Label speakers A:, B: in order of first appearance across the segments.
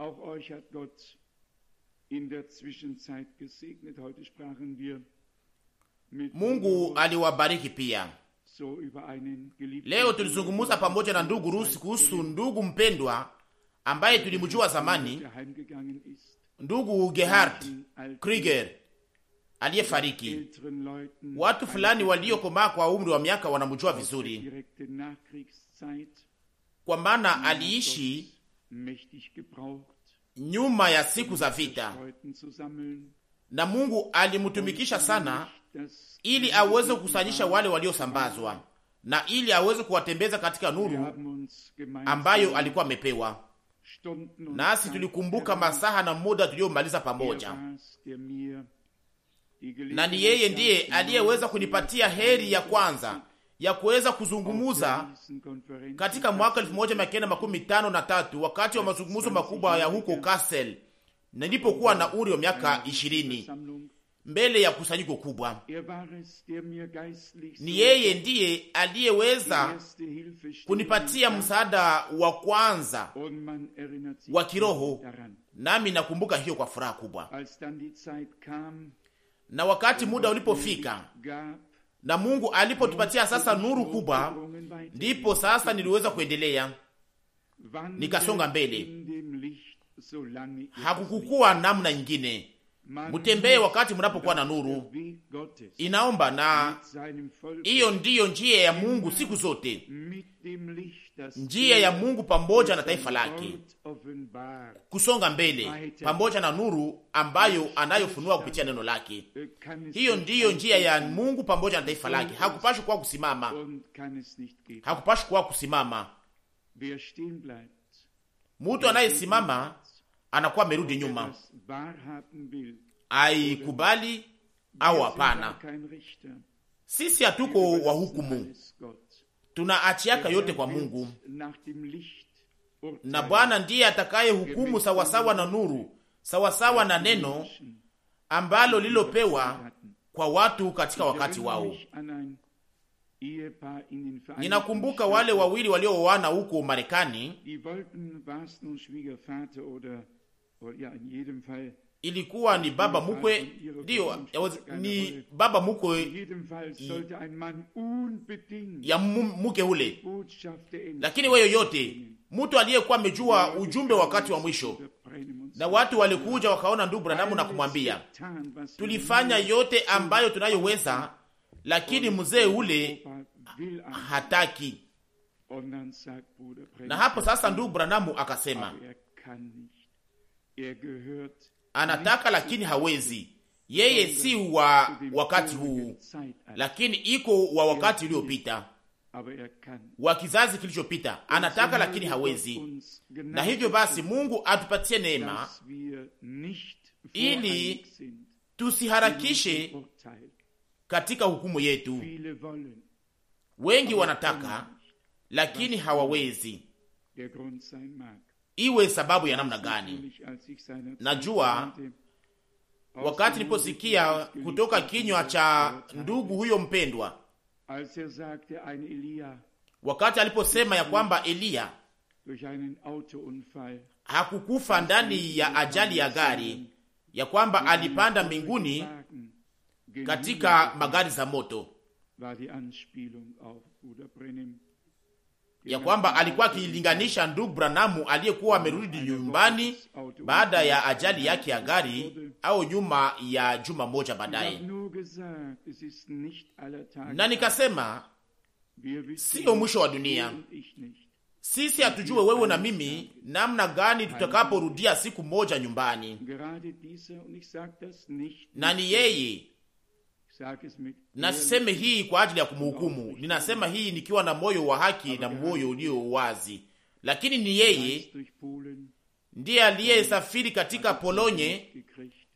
A: Auch euch hat Gott in der Zwischenzeit gesegnet. Heute sprachen wir
B: mit Mungu aliwabariki pia. So über einen geliebten Leo tulizungumza pamoja na ndugu Rusi kuhusu ndugu mpendwa ambaye tulimjua zamani, ndugu Gerhard Krieger aliyefariki. Watu fulani waliokomaa kwa umri wa miaka wanamjua vizuri, kwa maana aliishi nyuma ya um siku za vita, na Mungu alimutumikisha sana ili aweze kukusanyisha wale waliosambazwa na ili aweze kuwatembeza katika nuru ambayo alikuwa amepewa. Nasi tulikumbuka masaha na muda tuliyomaliza pamoja,
A: na ni yeye ndiye aliyeweza
B: kunipatia heri ya kwanza ya kuweza kuzungumuza katika mwaka elfu moja mia kenda makumi tano na tatu wakati wa mazungumzo makubwa ya huko Kassel, nilipokuwa na umri wa miaka ishirini mbele ya kusanyiko kubwa. Ni yeye ndiye aliyeweza
A: kunipatia
B: msaada wa kwanza wa kiroho, nami nakumbuka hiyo kwa furaha kubwa. Na wakati muda ulipofika na Mungu alipotupatia sasa nuru kubwa, ndipo sasa niliweza kuendelea nikasonga mbele. Hakukukuwa namna nyingine. Mutembee wakati mnapokuwa na nuru, inaomba na hiyo ndiyo njia ya Mungu siku zote njia ya Mungu pamoja na taifa lake, kusonga mbele pamoja na nuru ambayo anayofunua kupitia neno lake. Hiyo ndiyo njia ya Mungu pamoja na taifa lake. Hakupashi kuwa kusimama, hakupashi kuwa kusimama. Mutu anayesimama anakuwa amerudi nyuma, aikubali au hapana. Sisi hatuko wahukumu tunaachiaka yote kwa Mungu, na Bwana ndiye atakaye hukumu sawasawa na nuru, sawasawa na neno ambalo lilopewa kwa watu katika wakati wao. Ninakumbuka wale wawili waliooana huko Marekani
A: ilikuwa ni baba mkwe, ndio ni baba mkwe
B: ya mke ule. Lakini wewe yote mtu aliyekuwa amejua ujumbe wakati wa mwisho, na watu walikuja wakaona ndugu Branamu na kumwambia, tulifanya yote ambayo tunayoweza, lakini mzee ule hataki. Na hapo sasa ndugu Branamu akasema anataka lakini hawezi. Yeye si wa wakati huu, lakini iko wa wakati uliopita wa kizazi kilichopita. Anataka lakini hawezi. Na hivyo basi, Mungu atupatie neema ili tusiharakishe katika hukumu yetu. Wengi wanataka lakini hawawezi iwe sababu ya namna gani. Najua wakati niliposikia kutoka kinywa cha ndugu huyo mpendwa, wakati aliposema ya kwamba Eliya hakukufa ndani ya ajali ya gari, ya kwamba alipanda mbinguni katika magari za moto ya kwamba alikuwa akilinganisha ndugu Branamu aliyekuwa amerudi nyumbani
A: baada ya
B: ajali yake ya gari au nyuma ya juma moja baadaye, na nikasema siyo mwisho wa dunia. Sisi hatujue wewe na mimi namna gani tutakaporudia siku moja nyumbani, na ni yeye Nasiseme hii kwa ajili ya kumhukumu, ninasema hii nikiwa na moyo wa haki na moyo ulio wazi, lakini ni yeye ndiye aliyesafiri katika Polonye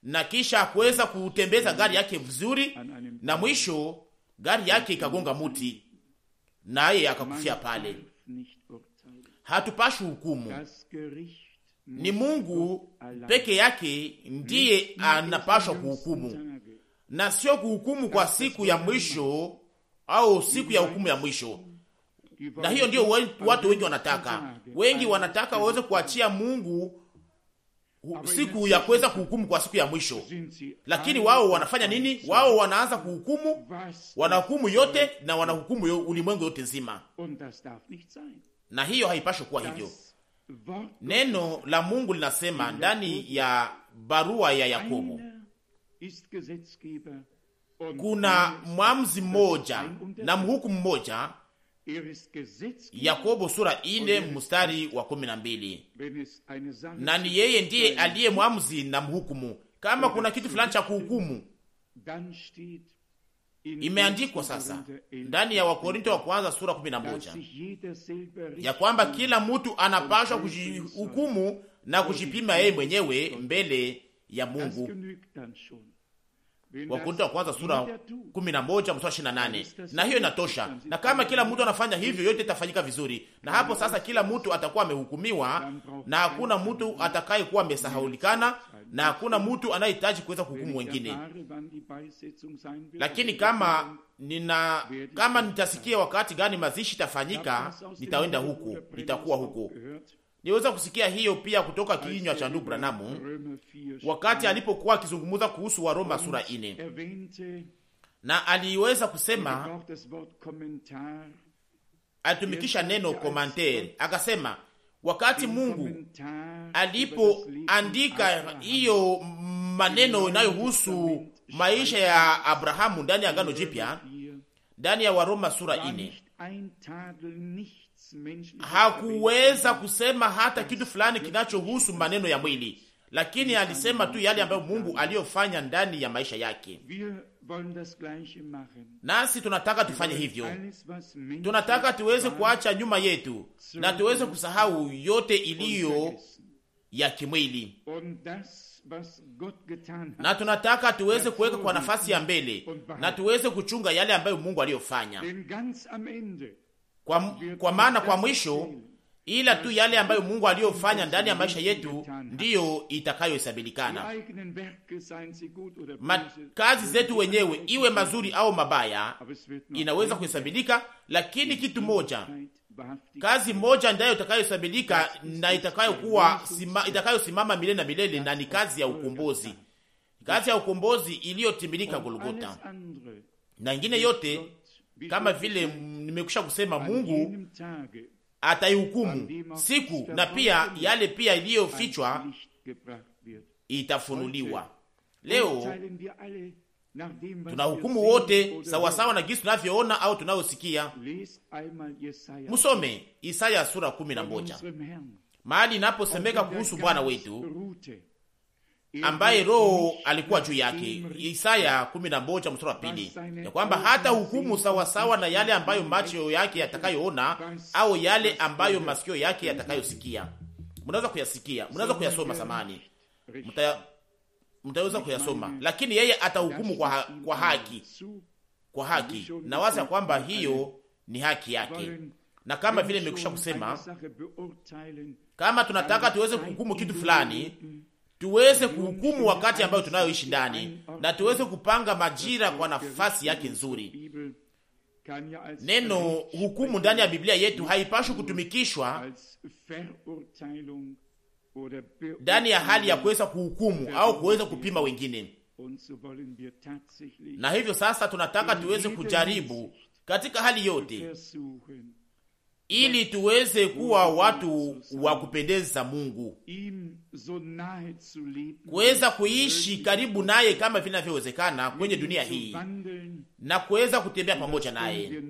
B: na kisha kuweza kutembeza gari yake vizuri, na mwisho gari yake ikagonga muti, naye akakufia pale. Hatupashi hukumu, ni Mungu peke yake ndiye anapashwa kuhukumu na sio kuhukumu kwa siku ya mwisho au siku ya hukumu ya mwisho. Na hiyo ndio watu wengi wanataka, wengi wanataka waweze kuachia Mungu siku ya kuweza kuhukumu kwa siku ya mwisho. Lakini wao wanafanya nini? Wao wanaanza kuhukumu, wanahukumu yote na wanahukumu ulimwengu yote nzima, na hiyo haipaswi kuwa hivyo. Neno la Mungu linasema ndani ya barua ya Yakobo kuna er mwamzi mmoja er na mhukumu mmoja. Er Yakobo sura ine mstari wa kumi na mbili.
A: Na ni yeye ndiye
B: aliye mwamuzi na mhukumu. Kama kuna kitu fulani cha kuhukumu, imeandikwa sasa ndani ya Wakorinto wa kwanza sura kumi na moja ya kwamba kila mtu anapashwa kujihukumu na kujipima yeye mwenyewe mbele ya Mungu. Wakorintho wa kwanza sura 11 na mstari ishirini na Na hiyo inatosha, na kama kila mtu anafanya hivyo, yote itafanyika vizuri. Na hapo sasa, kila mtu atakuwa amehukumiwa, na hakuna mtu kuwa amesahaulikana, na hakuna mtu anayehitaji kuweza kuhukumu wengine.
A: Lakini kama
B: nina kama nitasikia wakati gani mazishi itafanyika, nitaenda huko, nitakuwa huko Niweza kusikia hiyo pia kutoka kinywa cha ndugu Branamu wakati alipokuwa akizungumza kuhusu Waroma sura 4 na aliweza kusema alitumikisha neno komantere, akasema wakati Mungu alipoandika hiyo maneno inayohusu maisha ya Abrahamu ndani ya Agano Jipya, ndani ya Waroma sura ine hakuweza kusema hata kitu fulani kinachohusu maneno ya mwili, lakini alisema tu yale ambayo Mungu aliyofanya ndani ya maisha yake. Nasi tunataka tufanye hivyo, tunataka tuweze kuacha nyuma yetu na tuweze kusahau yote iliyo ya kimwili na tunataka tuweze kuweka kwa nafasi ya mbele na tuweze kuchunga yale ambayo Mungu aliyofanya, kwa, kwa maana kwa mwisho ila tu yale ambayo Mungu aliyofanya ndani ya maisha yetu ndiyo itakayohesabilikana. Kazi zetu wenyewe, iwe mazuri au mabaya, inaweza kuhesabilika, lakini kitu moja, kazi moja ndiyo itakayohesabilika na itakayokuwa itakayosimama milele na milele, na ni kazi ya ukombozi, kazi ya ukombozi iliyotimilika Golgota, na ingine yote kama vile nimekwisha kusema Mungu ataihukumu siku, na pia yale pia iliyofichwa itafunuliwa. Leo
A: tunahukumu wote sawasawa
B: na jinsi tunavyoona au tunayosikia. Musome Isaya sura kumi na moja mahali inaposemeka kuhusu Bwana wetu ambaye Roho alikuwa juu yake, Isaya 11 mstari wa pili, ya kwamba hata hukumu sawasawa na yale ambayo macho yake yatakayoona au yale ambayo masikio yake yatakayosikia. Mnaweza kuyasikia, mnaweza kuyasoma, samani mtaweza kuyasoma, lakini yeye atahukumu kwa, ha kwa haki, kwa haki. na wazi ya kwamba hiyo ni haki yake, na kama vile nimekwisha kusema, kama tunataka tuweze kuhukumu kitu fulani tuweze kuhukumu wakati ambayo tunayoishi ndani na tuweze kupanga majira kwa nafasi yake nzuri. Neno hukumu ndani ya Biblia yetu haipashwi kutumikishwa
A: ndani ya hali ya kuweza
B: kuhukumu au kuweza kupima wengine. Na hivyo sasa tunataka tuweze kujaribu katika hali yote ili tuweze kuwa watu wa kupendeza Mungu, kuweza kuishi karibu naye kama vinavyowezekana kwenye dunia hii na kuweza kutembea pamoja naye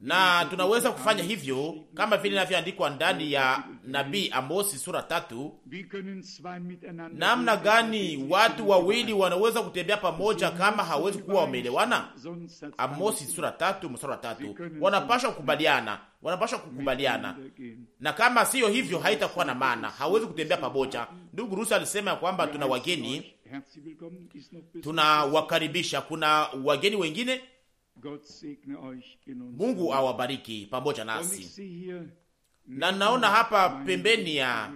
B: na tunaweza kufanya hivyo kama vile inavyoandikwa ndani ya nabii Amosi sura tatu. Namna gani watu wawili wanaweza kutembea pamoja kama hawezi kuwa wameelewana? Amosi sura tatu mstari wa tatu. Wanapasha kukubaliana, wanapashwa kukubaliana, na kama siyo hivyo haitakuwa na maana, hawezi kutembea pamoja. Ndugu Rusi alisema kwamba tuna wageni, tunawakaribisha. Kuna wageni wengine Mungu awabariki pamoja nasi. Na naona hapa pembeni ya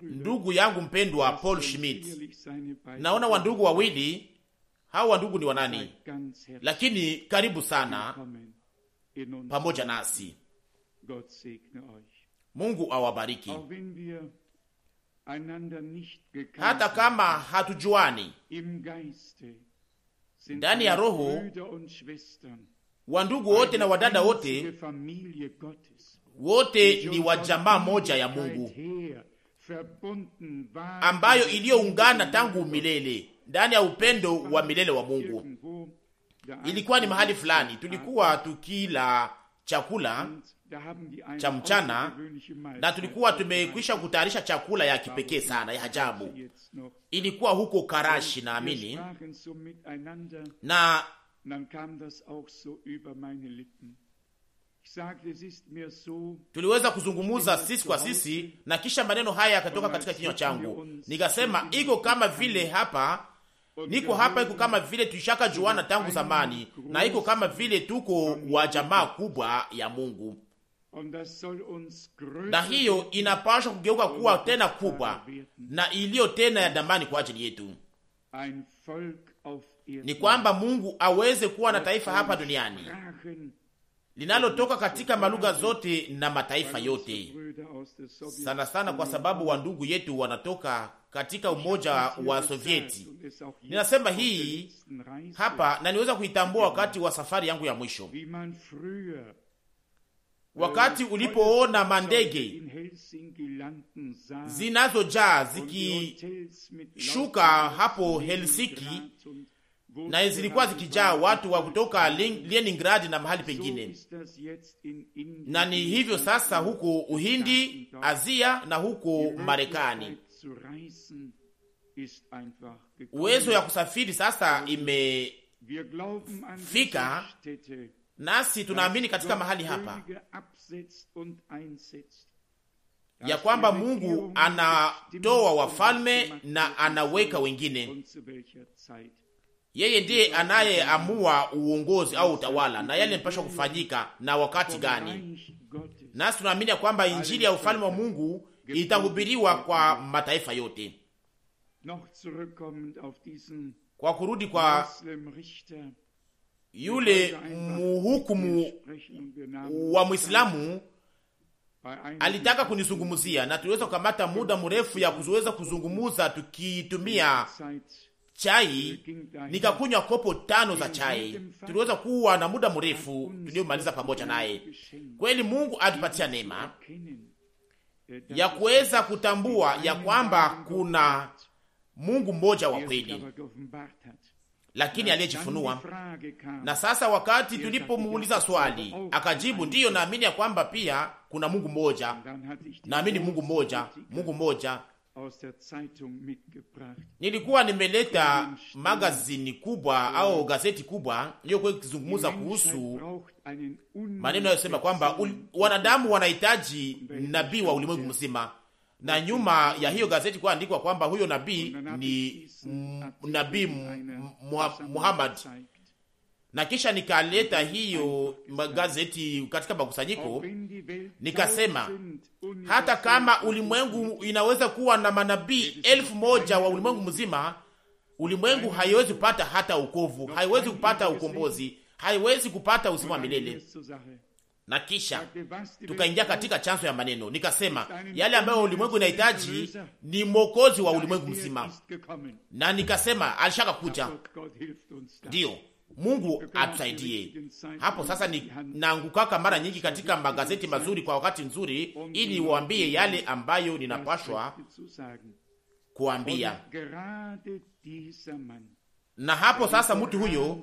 B: ndugu yangu mpendwa Paul Schmidt, naona wandugu wawili. Hao wandugu ni wanani? Lakini karibu sana pamoja nasi. Mungu awabariki. Hata kama hatujuani ndani ya Roho wandugu wote na wadada wote, wote ni wajamaa moja ya Mungu ambayo iliyoungana tangu milele ndani ya upendo wa milele wa Mungu. Ilikuwa ni mahali fulani tulikuwa tukila chakula cha mchana, na tulikuwa tumekwisha kutayarisha chakula ya kipekee sana ya ajabu. Ilikuwa huko Karashi naamini, na tuliweza kuzungumuza sisi kwa sisi, na kisha maneno haya yakatoka katika kinywa changu, nikasema iko kama vile hapa niko hapa, iko kama vile tuishaka juana tangu zamani, na iko kama vile tuko wa jamaa kubwa ya Mungu
A: na hiyo
B: inapashwa kugeuka kuwa tena kubwa na iliyo tena ya damani kwa ajili yetu, ni kwamba Mungu aweze kuwa na taifa hapa duniani linalotoka katika malugha zote na mataifa yote, sana sana kwa sababu wandugu yetu wanatoka katika umoja wa Sovieti. Ninasema hii hapa na niweza kuitambua wakati wa safari yangu ya mwisho wakati ulipoona mandege zinazojaa zikishuka hapo Helsinki, na zilikuwa zikijaa watu wa kutoka Leningrad na mahali pengine,
A: na ni hivyo
B: sasa huko Uhindi, Asia na huko Marekani. Uwezo ya kusafiri sasa imefika Nasi tunaamini katika mahali hapa ya kwamba Mungu anatoa wafalme na anaweka wengine. Yeye ndiye anayeamua uongozi au utawala na yale mpashwa kufanyika na wakati gani. Nasi tunaamini ya kwamba injili ya ufalme wa Mungu itahubiriwa kwa mataifa yote.
A: Kwa kurudi kwa
B: yule muhukumu wa Mwislamu alitaka kunizungumzia na tuliweza kukamata muda mrefu ya kuweza kuzungumuza tukitumia chai, nikakunywa kopo tano za chai. Tuliweza kuwa na muda mrefu tuliomaliza pamoja naye. Kweli Mungu atupatia neema ya kuweza kutambua ya kwamba kuna Mungu mmoja wa kweli lakini aliyejifunua. Na sasa wakati tulipomuuliza swali, akajibu ndiyo, naamini ya kwamba pia kuna Mungu mmoja, naamini Mungu mmoja, Mungu mmoja. Nilikuwa nimeleta magazini kubwa au gazeti kubwa iliyokuwa ikizungumza kuhusu maneno yayosema kwamba wanadamu wanahitaji nabii wa ulimwengu mzima na nyuma ya hiyo gazeti kuandikwa kwamba huyo nabii ni nabii Muhammad, na kisha nikaleta hiyo gazeti katika makusanyiko, nikasema hata kama ulimwengu inaweza kuwa na manabii elfu moja wa ulimwengu mzima, ulimwengu haiwezi kupata hata ukovu, haiwezi kupata ukombozi, haiwezi kupata uzima wa milele na kisha tukaingia katika chanzo ya maneno, nikasema yale ambayo ulimwengu inahitaji ni mwokozi wa ulimwengu mzima, na nikasema alishaka kuja. Ndiyo, Mungu atusaidie hapo. Sasa ni naangukaka mara nyingi katika magazeti mazuri kwa wakati nzuri, ili niwaambie yale ambayo ninapashwa kuambia na hapo sasa mtu huyo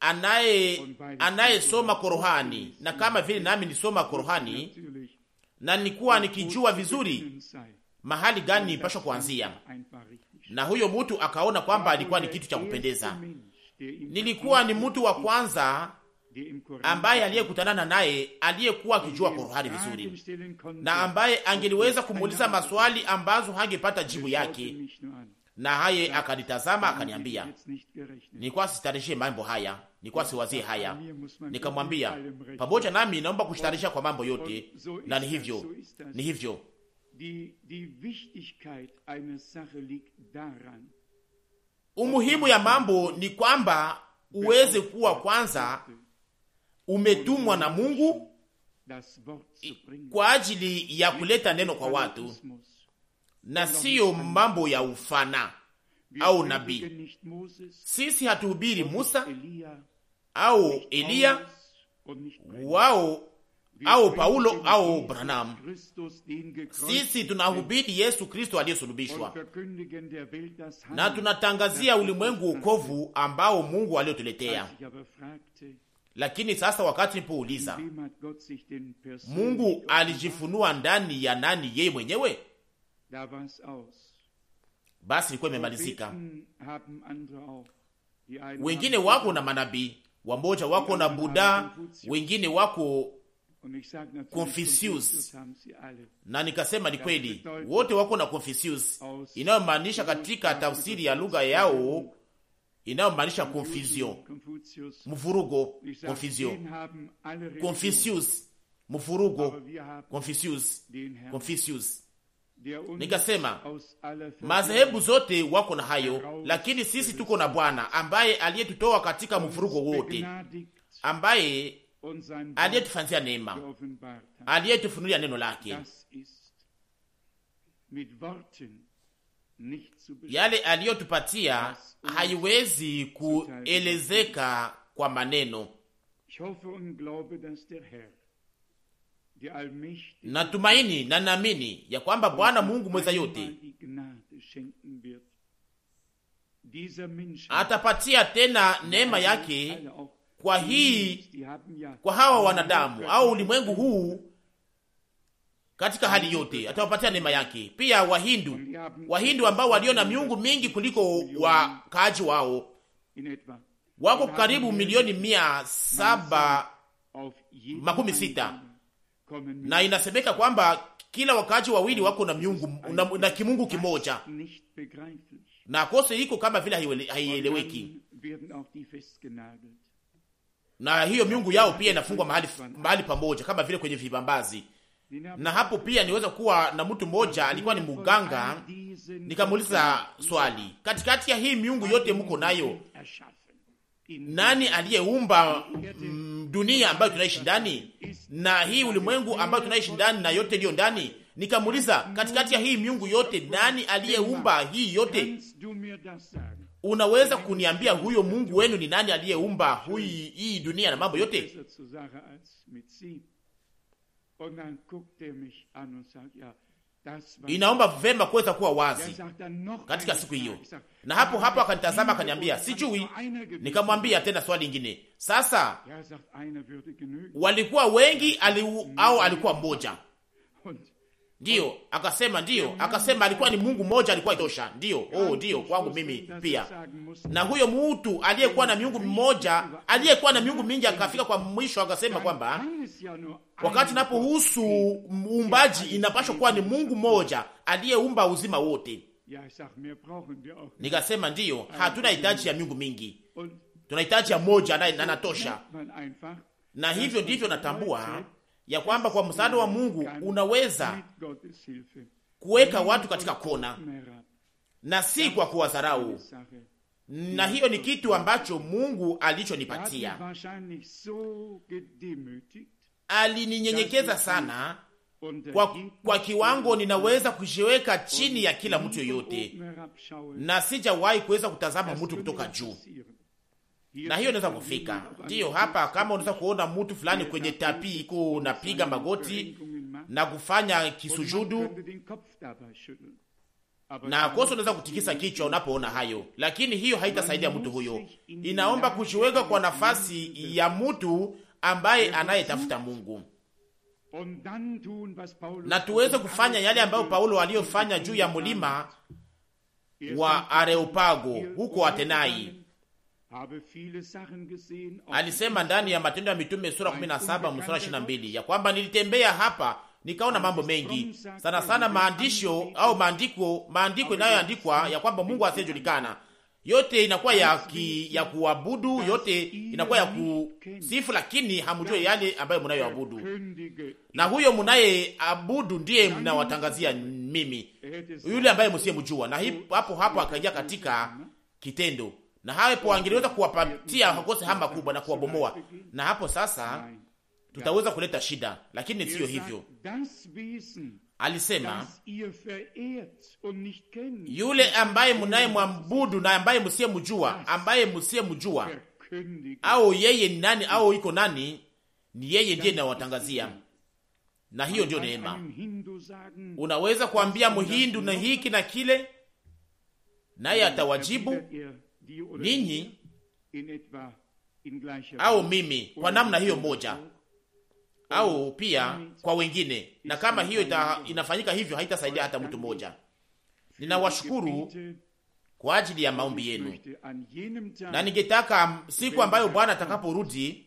B: anaye anayesoma korohani na kama vile nami nisoma korohani, na nikuwa nikijua vizuri mahali gani nipashwa kuanzia, na huyo mtu akaona kwamba alikuwa ni kitu cha kupendeza. Nilikuwa ni mtu wa kwanza ambaye aliyekutanana naye aliyekuwa akijua korohani vizuri, na ambaye angeliweza kumuuliza maswali ambazo hangepata jibu yake na haye akanitazama akaniambia, nilikuwa sitarishie mambo haya, nilikuwa siwazie haya. Nikamwambia, pamoja nami naomba kushitarisha kwa mambo yote, na ni hivyo, ni hivyo. Umuhimu ya mambo ni kwamba uweze kuwa kwanza umetumwa na Mungu kwa ajili ya kuleta neno kwa watu na siyo mambo ya ufana au nabii. Sisi hatuhubiri Musa au Eliya wao au Paulo au Branham. Sisi tunahubiri Yesu Kristo aliyesulubishwa, na tunatangazia ulimwengu wokovu ambao Mungu aliyotuletea. Lakini sasa, wakati nipouliza Mungu alijifunua ndani ya nani yeye mwenyewe basi ilikuwa imemalizika.
A: Wengine wako
B: na manabii, wamoja wako na Buda, wengine wako
A: Confucius,
B: na nikasema ni kweli, wote wako na Confucius inayomaanisha katika tafsiri ya lugha yao inayomaanisha confusion, mvurugo, confusion,
A: Confucius,
B: mvurugo, Confucius, Confucius
A: Nikasema madhehebu
B: zote wako na hayo, lakini sisi tuko na Bwana ambaye aliyetutoa katika mvurugo wote, ambaye
A: aliyetufanzia neema,
B: aliyetufunulia neno lake, yale aliyotupatia haiwezi kuelezeka kwa maneno. Natumaini na naamini ya kwamba Bwana Mungu mweza yote atapatia tena neema yake kwa hii kwa hawa wanadamu au ulimwengu huu katika hali yote atawapatia neema yake. Pia Wahindu, Wahindu ambao walio na miungu mingi kuliko wakaaji wao, wako karibu milioni mia saba makumi sita na inasemeka kwamba kila wakaaji wawili wako na miungu na, na kimungu kimoja, na kose iko kama vile haieleweki, na hiyo miungu yao pia inafungwa mahali, mahali pamoja kama vile kwenye vibambazi. Na hapo pia niweza kuwa na mtu mmoja alikuwa ni muganga, nikamuuliza swali, katikati ya hii miungu yote mko nayo nani aliyeumba dunia ambayo tunaishi ndani na hii ulimwengu ambayo tunaishi ndani na yote iliyo ndani? Nikamuuliza, katikati ya hii miungu yote, nani aliyeumba hii yote? Unaweza kuniambia huyo Mungu wenu ni nani aliyeumba hii, hii dunia na mambo yote? inaomba vema kuweza kuwa wazi katika siku hiyo. Na hapo hapo akanitazama akaniambia, sijui. Nikamwambia tena swali ingine sasa walikuwa wengi aliu, au alikuwa mmoja? Ndiyo, akasema ndiyo, akasema alikuwa ni Mungu mmoja, alikuwa itosha. Ndiyo, oh, ndiyo kwangu mimi pia. Na huyo mtu aliyekuwa na miungu mmoja, aliyekuwa na miungu mingi, akafika kwa mwisho akasema kwamba wakati napohusu uumbaji inapaswa kuwa ni Mungu mmoja aliyeumba uzima wote. Nikasema ndiyo, ah, hatuna hitaji ya miungu mingi, tunahitaji ya moja, anatosha. Na hivyo ndivyo natambua ya kwamba kwa msaada wa Mungu unaweza kuweka watu katika kona na si kwa kuwadharau, na hiyo ni kitu ambacho Mungu alichonipatia. Alininyenyekeza sana kwa, kwa kiwango ninaweza kujiweka chini ya kila mtu yoyote, na sijawahi kuweza kutazama mtu kutoka juu na hiyo inaweza kufika ndiyo hapa. Kama unaweza kuona mtu fulani kwenye tapi iko unapiga magoti na kufanya kisujudu na kosa, unaweza kutikisa kichwa unapoona hayo, lakini hiyo haitasaidia mtu huyo. Inaomba kujiweka kwa nafasi ya mtu ambaye anayetafuta Mungu
A: na tuweze kufanya
B: yale ambayo Paulo aliyofanya juu ya mulima wa Areopago huko Atenai Alisema ndani ya Matendo ya Mitume sura 17 mstari 22 ya kwamba nilitembea hapa nikaona mambo mengi sana sana, maandisho au maandiko maandiko inayoandikwa ya kwamba Mungu asiyejulikana. Yote inakuwa ya, ki, ya kuabudu, yote inakuwa ya kusifu, lakini hamjue yale ambayo mnayoabudu, na huyo mnayeabudu ndiye mnawatangazia mimi, yule ambaye msiyemjua. Na hapo hapo akaingia katika kitendo na hapo angeliweza kuwapatia hakose hama kubwa na kuwabomoa, na hapo sasa tutaweza kuleta shida, lakini siyo hivyo. Alisema yule ambaye munaye mwabudu na ambaye musiye mujua, ambaye musiye mujua au yeye ni nani au iko nani, ni yeye ndiye inawatangazia, na hiyo ndiyo neema. Unaweza kuambia muhindu na hiki na kile, naye atawajibu ninyi au mimi kwa namna hiyo moja au pia kwa wengine, na kama hiyo ita, inafanyika hivyo haitasaidia hata mtu mmoja. Ninawashukuru kwa ajili ya maombi yenu, na ningetaka siku ambayo Bwana atakaporudi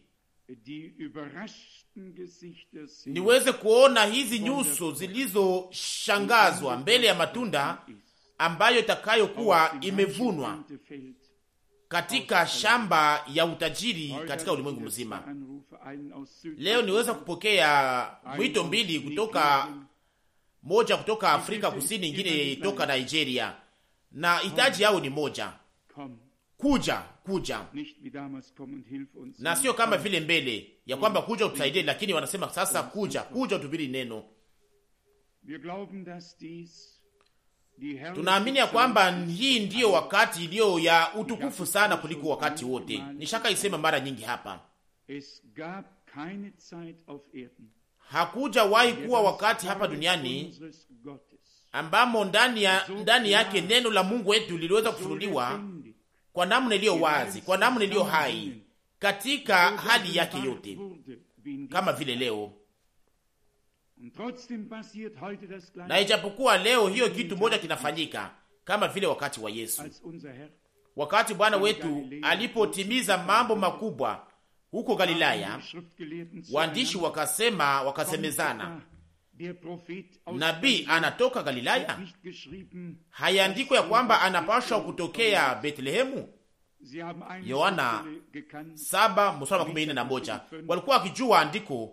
B: niweze kuona hizi nyuso zilizoshangazwa mbele ya matunda ambayo itakayokuwa imevunwa katika shamba ya utajiri katika ulimwengu mzima. Leo niweza kupokea mwito mbili kutoka moja kutoka Afrika Kusini, ingine toka Nigeria, na hitaji yao ni moja: kuja kuja, na sio kama vile mbele ya kwamba kuja utusaidie, lakini wanasema sasa, kuja kuja, utubiri neno
A: Tunaamini ya kwamba
B: hii ndiyo wakati iliyo ya utukufu sana kuliko wakati wote. Nishaka isema mara nyingi hapa, hakuja wahi kuwa wakati hapa duniani ambamo ndani ya ndani yake neno la Mungu wetu liliweza kufunuliwa kwa namna iliyo wazi, kwa namna iliyo hai katika hali yake yote, kama vile leo
A: na ijapokuwa
B: leo hiyo kitu moja kinafanyika kama vile wakati wa Yesu, wakati Bwana wetu alipotimiza mambo makubwa huko Galilaya, waandishi wakasema, wakasemezana, nabii anatoka Galilaya? Hayaandikwa ya kwamba anapashwa kutokea Betlehemu? Yohana saba mstari wa kumi na moja. Walikuwa wakijua andiko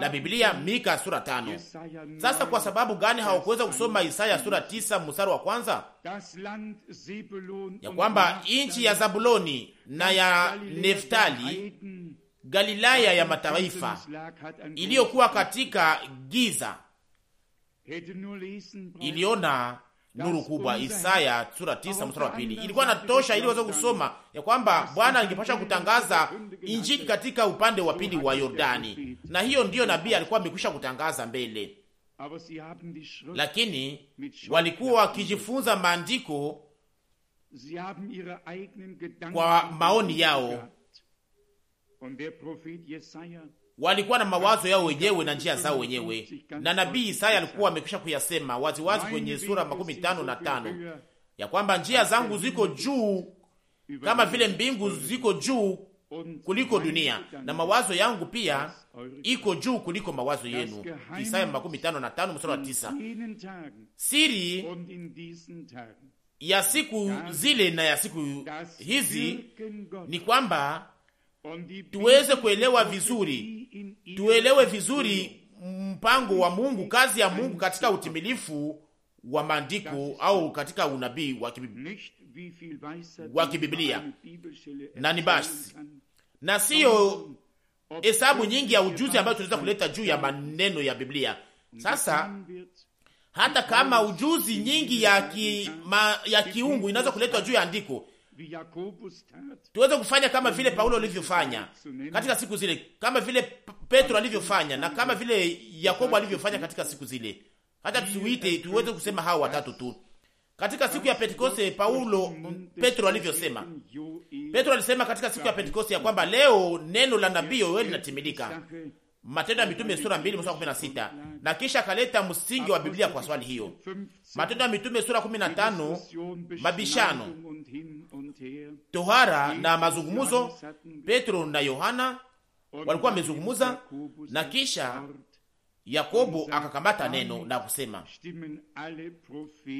B: la Biblia Mika sura tano. Sasa kwa sababu gani hawakuweza kusoma Isaya sura tisa mstari wa kwanza, ya kwamba nchi ya Zabuloni na ya Neftali, Galilaya ya mataifa iliyokuwa katika giza iliona nuru kubwa. Isaya sura tisa mstari wa pili. Ilikuwa natosha ili waweze kusoma ya kwamba Bwana angepasha kutangaza injili katika upande wa pili wa Yordani, na hiyo ndiyo nabii alikuwa amekwisha kutangaza mbele, lakini walikuwa wakijifunza maandiko
A: kwa maoni yao
B: walikuwa na mawazo yao wenyewe na njia zao wenyewe, na nabii Isaya alikuwa amekwisha kuyasema waziwazi kwenye sura makumi tano na tano ya kwamba njia zangu ziko juu kama vile mbingu ziko juu kuliko dunia na mawazo yangu pia iko juu kuliko mawazo yenu. Isaya makumi tano na tano mstari wa tisa.
A: Siri
B: ya siku zile na ya siku hizi ni kwamba tuweze kuelewa vizuri, tuelewe vizuri mpango wa Mungu, kazi ya Mungu katika utimilifu wa maandiko au katika unabii wa kibiblia na ni basi, na siyo hesabu nyingi ya ujuzi ambayo tunaweza kuleta juu ya maneno ya Biblia. Sasa hata kama ujuzi nyingi ya, ki, ma, ya kiungu inaweza kuletwa juu ya andiko tuweze kufanya kama vile Paulo alivyofanya katika siku zile, kama vile Petro alivyofanya na kama vile Yakobo alivyofanya katika siku zile. Hata tuite tuweze kusema hao watatu tu katika siku ya Pentekoste. Paulo Petro alivyosema, Petro alisema katika siku ya Pentekoste ya kwamba leo neno la nabii Yoeli linatimilika, Matendo ya Mitume sura 2 mstari 16. Na kisha akaleta msingi wa Biblia kwa swali hiyo, Matendo ya Mitume sura 15, mabishano tohara na mazungumuzo. Petro na Yohana walikuwa wamezungumza, na kisha Yakobo akakamata neno na kusema,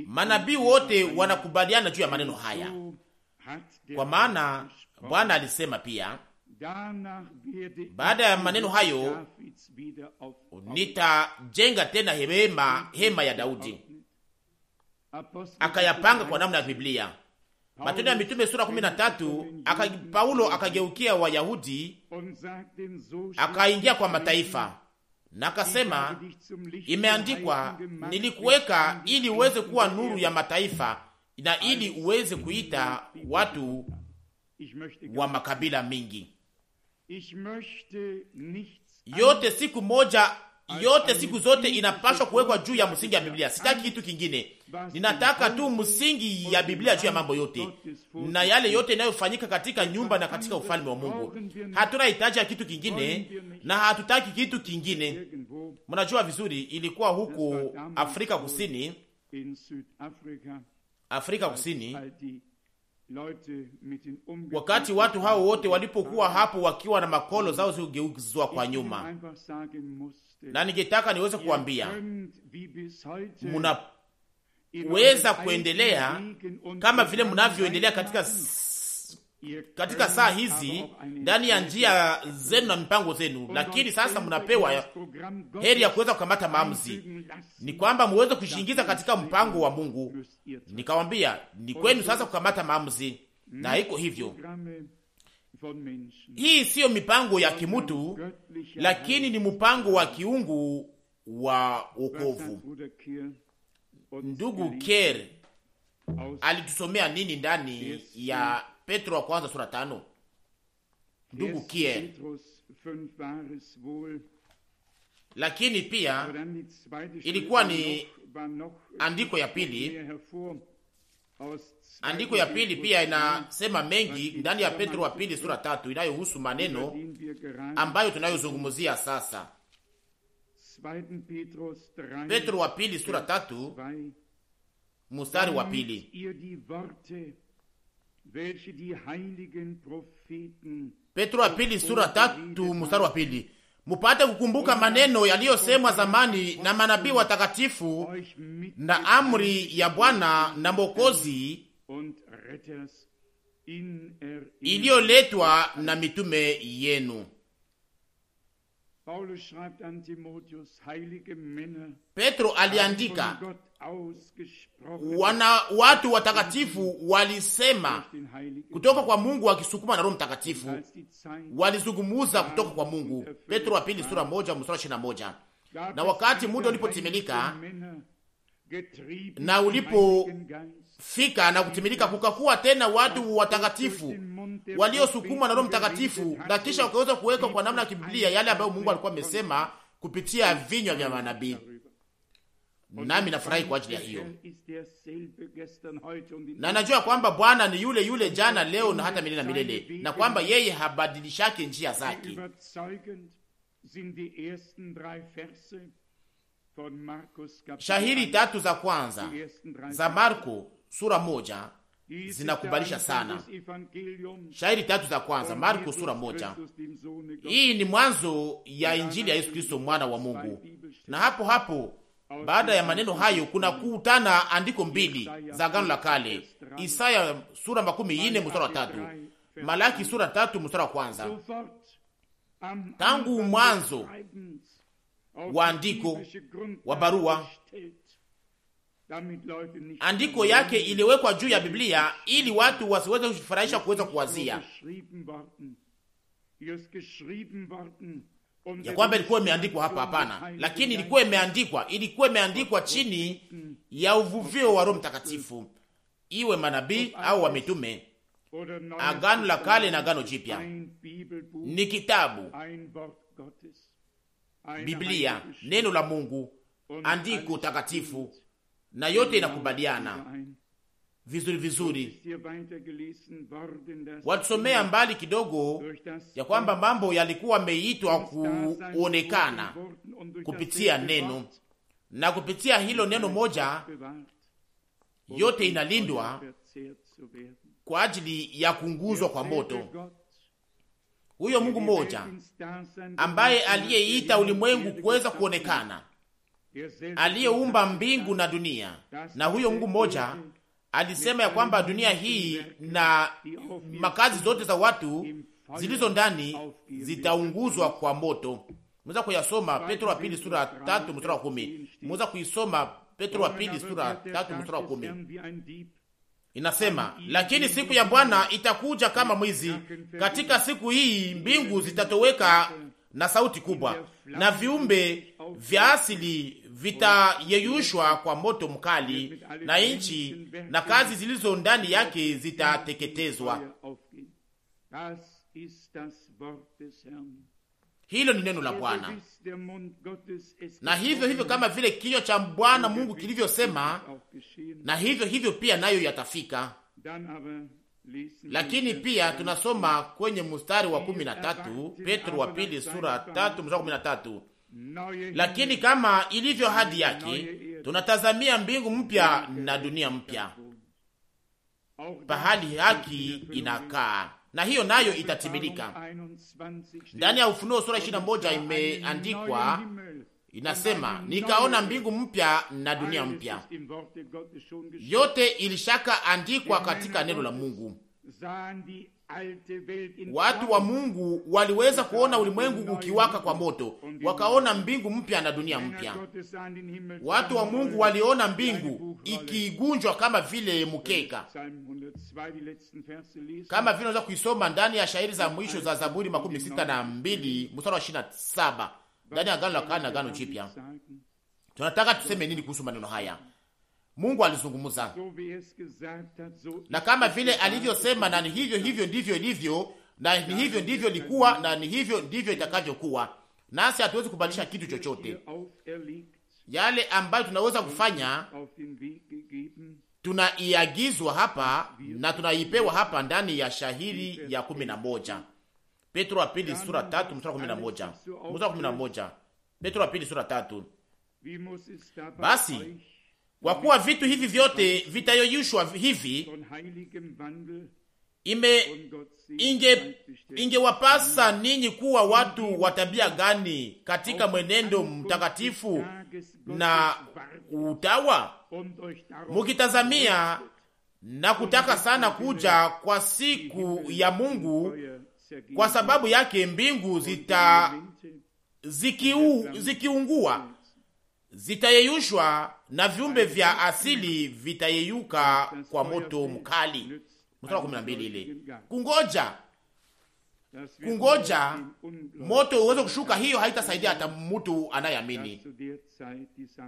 B: manabii wote wanakubaliana juu ya maneno haya, kwa maana Bwana alisema pia
A: baada ya maneno hayo
B: nitajenga tena hema, hema ya Daudi. Akayapanga kwa namna ya Biblia, Matendo ya Mitume sura 13, aka, Paulo akageukia Wayahudi akaingia kwa mataifa na akasema, imeandikwa, nilikuweka ili uweze kuwa nuru ya mataifa na ili uweze kuita watu wa makabila mingi yote. Siku moja yote siku zote inapashwa kuwekwa juu ya msingi ya Biblia. Sitaki kitu kingine, ninataka tu msingi ya Biblia juu ya mambo yote na yale yote inayofanyika katika nyumba na katika ufalme wa Mungu. Hatuna hitaji ya kitu kingine na hatutaki kitu kingine. Mnajua vizuri, ilikuwa huku Afrika Kusini,
A: Afrika Kusini,
B: uh, wakati watu hao wote walipokuwa hapo wakiwa na makolo zao zigeuzwa kwa nyuma na ningetaka niweze kuwambia munaweza kuendelea kama vile mnavyoendelea katika katika saa hizi ndani ya njia zenu na mipango zenu, lakini sasa mnapewa heri ya kuweza kukamata maamuzi, ni kwamba muweze kushingiza katika mpango wa Mungu. Nikawambia ni kwenu sasa kukamata maamuzi, na iko hivyo hii siyo mipango ya kimutu, lakini ni mpango wa kiungu wa wokovu. Ndugu Kier alitusomea nini ndani ya Petro wa kwanza sura tano? Ndugu Kier lakini pia ilikuwa ni
A: andiko ya pili
B: Andiko ya pili pia inasema mengi ndani ya Petro wa pili sura tatu inayohusu maneno ambayo tunayozungumzia sasa.
A: Petro wa pili sura
B: tatu mstari wa pili Petro wa pili sura tatu mstari wa pili mupate kukumbuka maneno yaliyosemwa zamani na manabii watakatifu na amri ya Bwana na Mwokozi iliyoletwa na mitume yenu. Petro aliandika wana watu watakatifu walisema kutoka kwa Mungu wakisukuma na Roho Mtakatifu, walizungumuza kutoka kwa Mungu. Petro wa pili sura moja mstari ishirini na moja. Na wakati muda ulipotimilika na ulipo fika na kutimilika, kukakuwa tena watu watakatifu waliosukumwa na Roho Mtakatifu, na kisha wakaweza kuweka kwa namna ya kibiblia yale ambayo Mungu alikuwa amesema kupitia vinywa vya manabii. Nami nafurahi kwa ajili ya hiyo, na najua kwamba Bwana ni yule yule jana, leo na hata milele na milele, na kwamba yeye habadilishake njia zake.
A: Shahiri tatu za kwanza za
B: Marko sura moja zinakubalisha sana. Shairi tatu za kwanza, Marko sura moja. Hii ni mwanzo ya Injili ya Yesu Kristo mwana wa Mungu, na hapo hapo baada ya maneno hayo kuna kutana andiko mbili za Agano la Kale, Isaya sura makumi ine mstari wa tatu, Malaki sura tatu mstari wa kwanza.
A: Tangu mwanzo
B: wa andiko
A: wa barua
B: andiko yake iliwekwa juu ya Biblia ili watu wasiweze kujifurahisha kuweza kuwazia
A: ya kwamba ilikuwa imeandikwa hapa. Hapana, lakini ilikuwa
B: imeandikwa, ilikuwa imeandikwa chini ya uvuvio wa Roho Mtakatifu, iwe manabii au wamitume.
A: Agano la Kale na Agano Jipya
B: ni kitabu Biblia, neno la Mungu, andiko takatifu na yote inakubaliana vizuri vizuri. Watusomea mbali kidogo ya kwamba mambo yalikuwa ameitwa kuonekana kupitia neno, na kupitia hilo neno moja yote inalindwa kwa ajili ya kuunguzwa kwa moto. Huyo Mungu mmoja
A: ambaye aliyeita
B: ulimwengu kuweza kuonekana aliyeumba mbingu na dunia. Na huyo Mungu mmoja alisema ya kwamba dunia hii na makazi zote za watu zilizo ndani zitaunguzwa kwa moto. Mweza kuyasoma Petro wa pili sura tatu mstari wa kumi. Mweza kuisoma Petro wa pili sura tatu mstari wa kumi. Inasema, lakini siku ya Bwana itakuja kama mwizi. Katika siku hii mbingu zitatoweka na sauti kubwa, na viumbe vya asili vitayeyushwa kwa moto mkali, na nchi na kazi zilizo ndani yake zitateketezwa. Hilo ni neno la Bwana, na hivyo hivyo kama vile kinywa cha Bwana Mungu kilivyosema, na hivyo hivyo pia nayo yatafika. Lakini pia tunasoma kwenye mstari wa kumi na tatu Petro wa pili sura tatu mstari wa kumi na tatu lakini kama ilivyo hadi yake, tunatazamia mbingu mpya na dunia mpya, pahali haki inakaa, na hiyo nayo itatimilika. Ndani ya Ufunuo sura 21 imeandikwa inasema, nikaona mbingu mpya na dunia mpya. Yote ilishaka andikwa katika neno la Mungu. Watu wa Mungu waliweza kuona ulimwengu ukiwaka kwa moto, wakaona mbingu mpya na dunia mpya. Watu wa Mungu waliona mbingu ikigunjwa kama vile mkeka, kama vile unaweza kuisoma ndani ya shairi za mwisho za Zaburi makumi sita na mbili mstari wa ishirini na saba ndani ya Agano la Kale na Agano Jipya. Tunataka tuseme nini kuhusu maneno haya? Mungu alizungumza, na kama vile alivyosema, na ni hivyo hivyo ndivyo ilivyo, na ni hivyo ndivyo ilikuwa, na ni hivyo ndivyo itakavyokuwa. Nasi hatuwezi kubadilisha kitu chochote. Yale ambayo tunaweza kufanya tunaiagizwa hapa na tunaipewa hapa ndani ya shahiri ya kumi na moja Petro wa pili sura tatu mstari kumi na moja mstari kumi na moja Petro wa pili sura tatu basi kwa kuwa vitu hivi vyote vitayoyushwa hivi, ime inge ingewapasa ninyi kuwa watu wa tabia gani katika mwenendo mtakatifu na utawa, mukitazamia na kutaka sana kuja kwa siku ya Mungu. Kwa sababu yake mbingu zita zikiu, zikiungua zitayeyushwa na viumbe vya asili vitayeyuka kwa moto mkali. Mstari kumi na mbili ile kungoja kungoja moto uweze kushuka, hiyo haitasaidia hata mtu anayeamini,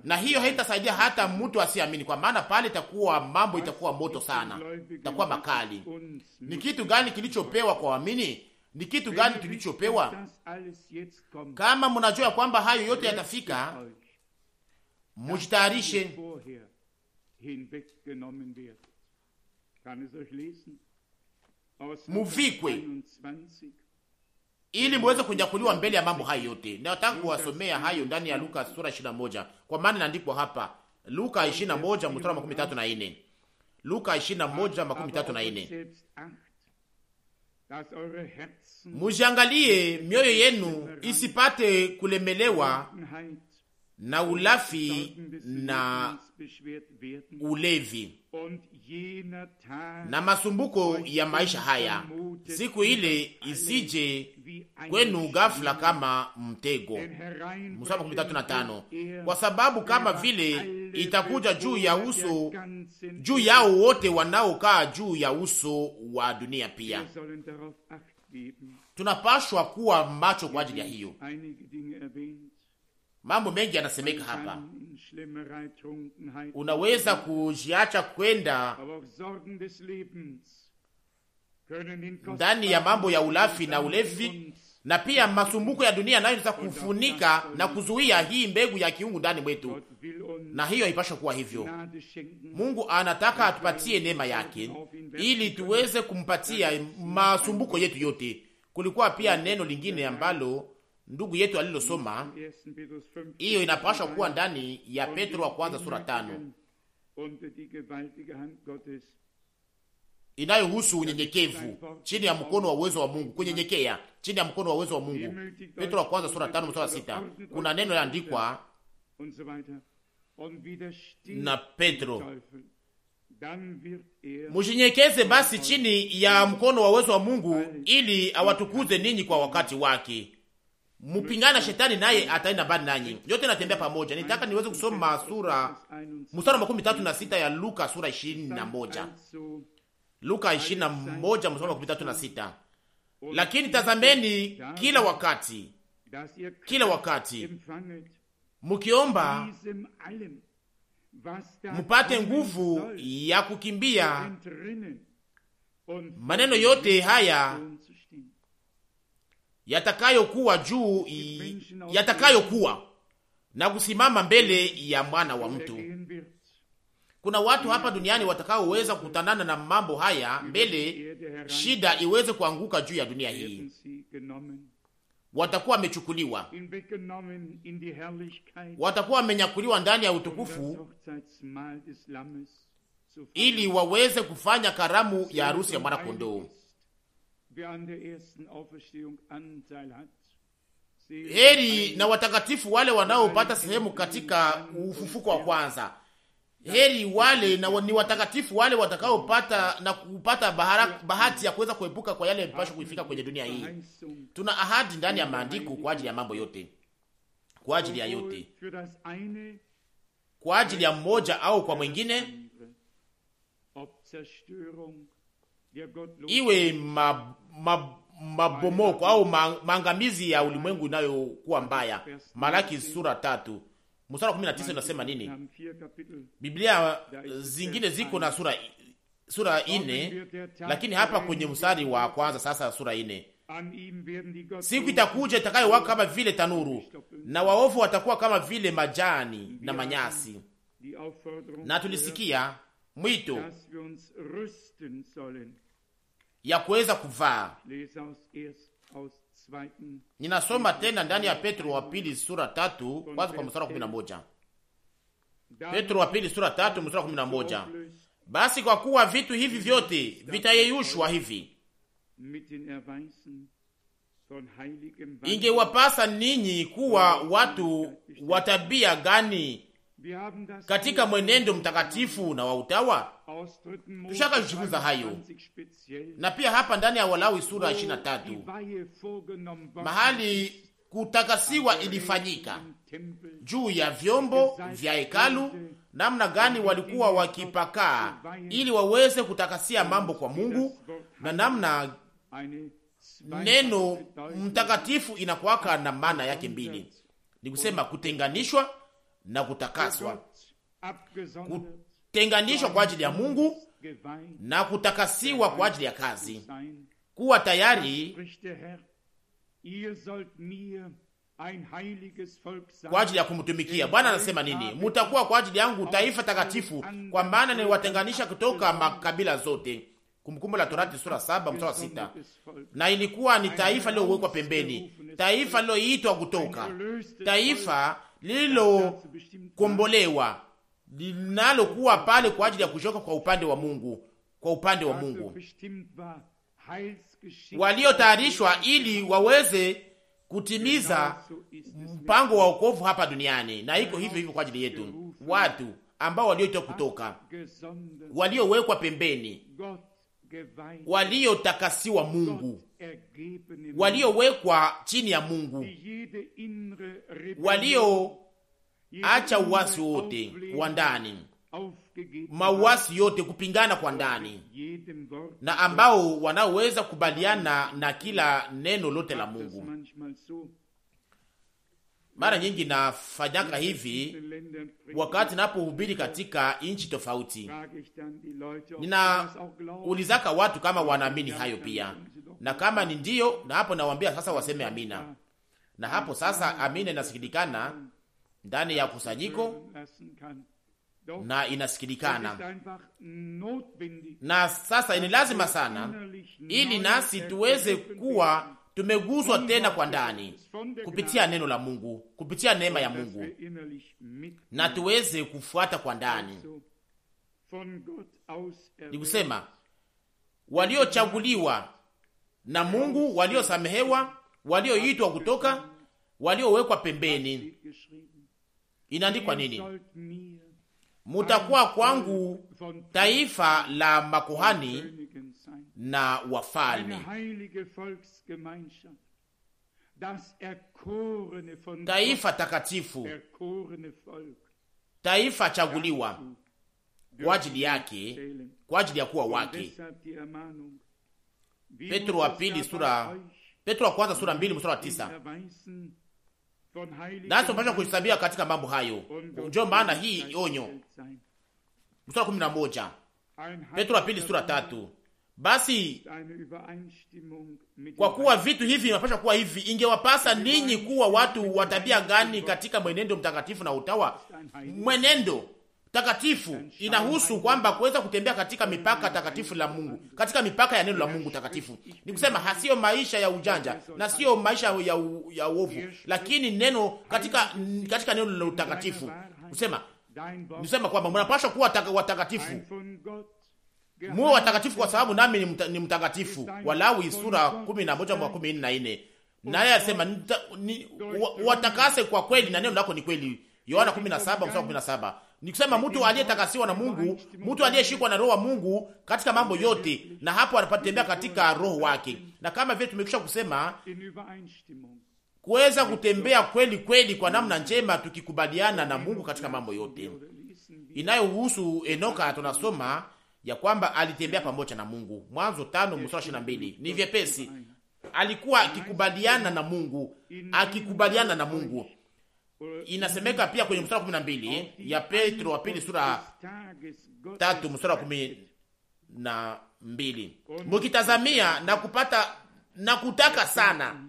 B: na hiyo haitasaidia hata mtu asiyeamini, kwa maana pale itakuwa mambo itakuwa moto sana, itakuwa makali. Ni kitu gani kilichopewa kwa waamini? Ni kitu gani tulichopewa? Kama mnajua kwamba hayo yote yatafika mujitayarishe
A: muvikwe
B: ili muweze kunyakuliwa mbele ya mambo hayo yote. Nataka kuwasomea hayo ndani ya Luka sura 21, kwa maana inaandikwa hapa Luka 21 mstari wa 13 na Luka 21 makumi tatu na ine. Mujiangalie mioyo yenu isipate kulemelewa na ulafi na ulevi na masumbuko ya maisha haya, siku ile isije kwenu ghafla kama mtego. Kwa sababu kama vile itakuja juu ya uso juu yao wote wanaokaa juu ya uso wa dunia. Pia tunapashwa kuwa macho kwa ajili ya hiyo. Mambo mengi yanasemeka hapa.
A: Unaweza
B: kujiacha kwenda ndani ya mambo ya ulafi na ulevi, na pia masumbuko ya dunia nayo inaweza kufunika na kuzuia hii mbegu ya kiungu ndani mwetu, na hiyo haipashwa kuwa hivyo. Mungu anataka atupatie neema yake ili tuweze kumpatia masumbuko yetu yote. Kulikuwa pia neno lingine ambalo ndugu yetu alilosoma hiyo, inapashwa kuwa ndani ya Petro wa kwanza sura tano inayohusu unyenyekevu chini ya mkono wa uwezo wa Mungu, kunyenyekea chini ya mkono wa uwezo wa Mungu. Petro wa kwanza sura tano mstari sita kuna neno yaandikwa
A: na Petro,
B: mushinyekeze basi chini ya mkono wa uwezo wa Mungu ili awatukuze ninyi kwa wakati wake mupingana na shetani naye ataenda mbali nanyi. Yote natembea pamoja. Nitaka niweze kusoma sura mstari wa makumi tatu na sita ya Luka sura ishirini na moja Luka ishirini na moja mstari wa makumi tatu na sita Lakini tazameni kila wakati, kila wakati mukiomba
A: mupate nguvu
B: ya kukimbia
A: maneno yote
B: haya yatakayokuwa juu yatakayokuwa na kusimama mbele ya mwana wa mtu. Kuna watu hapa duniani watakaoweza kukutanana na mambo haya mbele shida iweze kuanguka juu ya dunia hii, watakuwa wamechukuliwa,
A: watakuwa wamenyakuliwa ndani ya utukufu ili waweze
B: kufanya karamu ya harusi ya mwana kondoo.
A: Heri na
B: watakatifu wale wanaopata sehemu katika ufufuko wa kwanza. Heri wale na ni watakatifu wale watakaopata na kupata bahara, bahati ya kuweza kuepuka kwa yale yamepashwa kuifika kwenye dunia hii. Tuna ahadi ndani ya maandiko kwa ajili ya mambo yote, kwa ajili ya yote, kwa ajili ya mmoja au kwa mwingine iwe mab, ma, mabomoko au maangamizi ya ulimwengu inayokuwa mbaya. Malaki sura tatu mstari wa 19 inasema nini? Biblia zingine ziko na sura sura ine, lakini hapa kwenye mstari wa kwanza sasa sura ine siku itakuja itakayowaka kama vile tanuru na waovu watakuwa kama vile majani na manyasi.
A: Na tulisikia mwito
B: ya kuweza kuvaa. Ninasoma tena ndani ya Petro wa pili sura tatu kwanza kwa mstari wa kumi na moja. Petro wa pili sura tatu mstari wa kumi na moja. Basi kwa kuwa vitu hivi vyote vitayeyushwa hivi, ingewapasa ninyi kuwa watu wa tabia gani katika mwenendo mtakatifu na wa utawa Tushaka jifunza hayo, na pia hapa ndani ya Walawi sura
A: 23
B: mahali kutakasiwa ilifanyika juu ya vyombo vya hekalu, namna gani walikuwa wakipakaa ili waweze kutakasia mambo kwa Mungu, na namna neno mtakatifu inakuwaka na maana yake mbili, ni kusema kutenganishwa na kutakaswa kutenganishwa kwa ajili ya Mungu na kutakasiwa kwa ajili ya kazi. Kuwa tayari kwa ajili ya kumtumikia Bwana. Anasema nini? Mutakuwa kwa ajili yangu taifa takatifu, kwa maana niliwatenganisha kutoka makabila zote. Kumbukumbu la Torati sura saba mstari wa sita. Na ilikuwa ni taifa lilowekwa pembeni, taifa liloitwa kutoka, taifa um um lililokombolewa linalokuwa pale kwa ajili ya kushoka kwa upande wa Mungu, kwa upande wa Mungu waliotayarishwa ili waweze kutimiza mpango wa wokovu hapa duniani, na iko hivyo hivyo kwa ajili yetu, watu ambao walioitwa kutoka, waliowekwa pembeni, waliotakasiwa Mungu, waliowekwa chini ya Mungu, walio Acha uwasi wote wa ndani, mauwasi yote, kupingana kwa ndani, na ambao wanaoweza kubaliana na kila neno lote la Mungu. Mara nyingi nafanyaka hivi wakati napohubiri katika nchi tofauti,
A: ninaulizaka
B: watu kama wanaamini hayo pia, na kama ni ndiyo, na hapo nawaambia sasa waseme amina, na hapo sasa amina inasikilikana ndani ya kusanyiko na inasikilikana, na sasa ni lazima sana,
A: ili nasi
B: tuweze kuwa tumeguswa tena kwa ndani kupitia neno la Mungu, kupitia neema ya Mungu, na tuweze kufuata kwa ndani. Ni kusema waliochaguliwa na Mungu, waliosamehewa, walioitwa kutoka, waliowekwa pembeni inaandikwa nini? Mutakuwa kwangu taifa la makuhani na wafalme, taifa takatifu, taifa chaguliwa kwa ajili yake, kwa ajili ya kuwa wake. Petro wa pili sura, Petro wa kwanza sura mbili mstari wa tisa nasi unapasha kuhesabia katika mambo hayo. Ndio maana hii onyo, mstari kumi na moja Petro wa pili sura tatu. Basi kwa kuwa vitu hivi vinapasha kuwa hivi, ingewapasa ninyi kuwa watu wa tabia gani katika mwenendo mtakatifu na utawa mwenendo takatifu inahusu kwamba kuweza kutembea katika mipaka takatifu la Mungu, katika mipaka ya neno la Mungu takatifu. Ni kusema hasiyo maisha ya ujanja na siyo maisha ya u, ya uovu, lakini neno katika katika neno la utakatifu. Kusema nisema kwamba mnapashwa kuwa watakatifu, muwe watakatifu kwa sababu nami ni mtakatifu, Walawi sura 11 mwa 14. Naye asema watakase kwa kweli na neno lako ni kweli, Yohana 17 mstari 17 ni kusema mtu aliyetakasiwa na Mungu, mtu aliyeshikwa na roho wa Mungu katika mambo yote, na hapo anapatembea katika roho wake, na kama vile tumekwisha kusema kuweza kutembea kweli kweli kwa namna njema, tukikubaliana na Mungu katika mambo yote. Inayohusu Enoka tunasoma ya kwamba alitembea pamoja na Mungu, Mwanzo tano mstari ishirini na mbili. Ni vyepesi, alikuwa akikubaliana na Mungu, akikubaliana na Mungu Uh, inasemeka pia kwenye mstari wa kumi na mbili ya Petro wa pili sura tatu mstari wa kumi na mbili mukitazamia na kupata na kutaka sana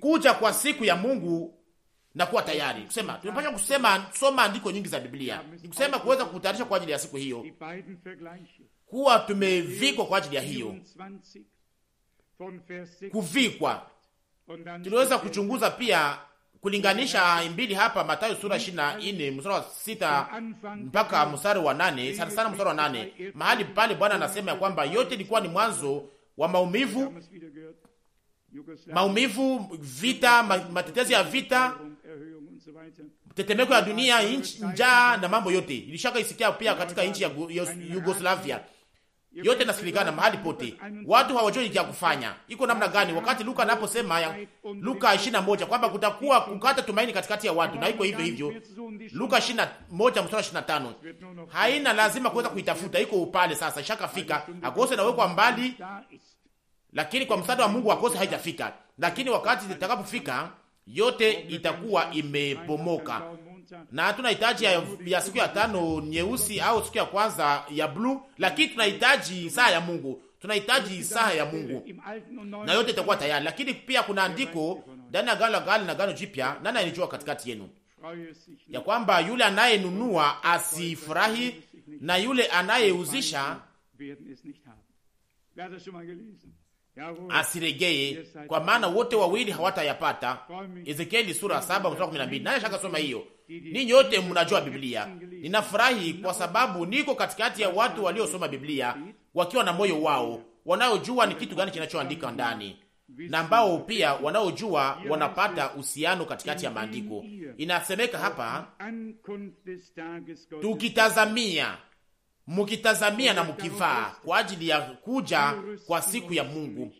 B: kuja kwa siku ya Mungu na kuwa tayari kusema. Tunapaswa kusema soma andiko nyingi za Biblia, ni kusema kuweza kutayarisha kwa ajili ya siku hiyo, kuwa tumevikwa kwa ajili ya hiyo kuvikwa. Tuliweza kuchunguza pia kulinganisha mbili hapa, Mathayo sura 24 mstari wa sita mpaka mstari wa nane sana sana mstari wa nane mahali pale Bwana anasema ya kwamba yote ilikuwa ni mwanzo wa maumivu, maumivu, vita, matetezi ya vita, tetemeko ya dunia, njaa na mambo yote ilishaka isikia pia katika nchi ya Yugoslavia yote nasikilikana mahali pote, watu hawajui cha kufanya, iko namna gani. Wakati Luka anaposema ya Luka 21 kwamba kutakuwa kukata tumaini katikati ya watu, na iko hivyo hivyo Luka 21 mstari 25. Haina lazima kuweza kuitafuta, iko upale sasa, ishakafika. Akose nawekwa mbali, lakini kwa msaada wa Mungu akose haijafika, lakini wakati zitakapofika yote itakuwa imebomoka na hatuna hitaji ya, ya siku ya tano nyeusi au siku ya kwanza ya bluu, lakini tunahitaji saa ya Mungu, tunahitaji saa ya Mungu na yote itakuwa tayari. Lakini pia kuna andiko ndani ya gano la Kale na gano Jipya, nani anijua katikati yenu ya kwamba yule anayenunua asifurahi na yule anayeuzisha
A: asiregeye,
B: kwa maana wote wawili hawatayapata. Ezekieli sura 7 mstari Nani shaka soma hiyo? ni nyote mnajua Biblia. Ninafurahi kwa sababu niko katikati ya watu waliosoma Biblia wakiwa na moyo wao, wanaojua ni kitu gani kinachoandika ndani, na ambao pia wanaojua wanapata uhusiano katikati ya maandiko. Inasemeka hapa, tukitazamia mukitazamia na mukivaa kwa ajili ya kuja kwa siku ya Mungu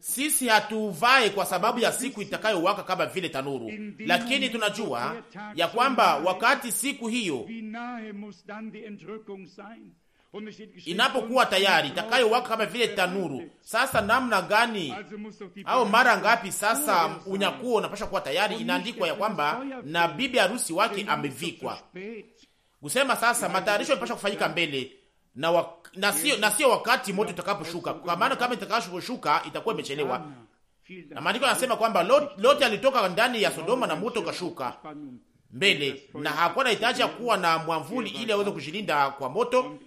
B: sisi hatuvae kwa sababu ya siku itakayowaka kama vile tanuru, lakini tunajua ya kwamba wakati siku hiyo inapokuwa tayari itakayowaka kama vile tanuru, sasa namna gani au mara ngapi sasa unyakuo unapasha kuwa tayari? Inaandikwa ya kwamba na bibi harusi wake amevikwa. Kusema sasa matayarisho yanapasha kufanyika mbele na wak na sio na sio wakati moto utakaposhuka, kwa maana kama itakaposhuka itakuwa imechelewa. Na maandiko yanasema kwamba Lot, Lot alitoka ndani ya Sodoma na moto ukashuka mbele, na hakuwa na hitaji ya kuwa na mwamvuli ili aweze kujilinda kwa moto.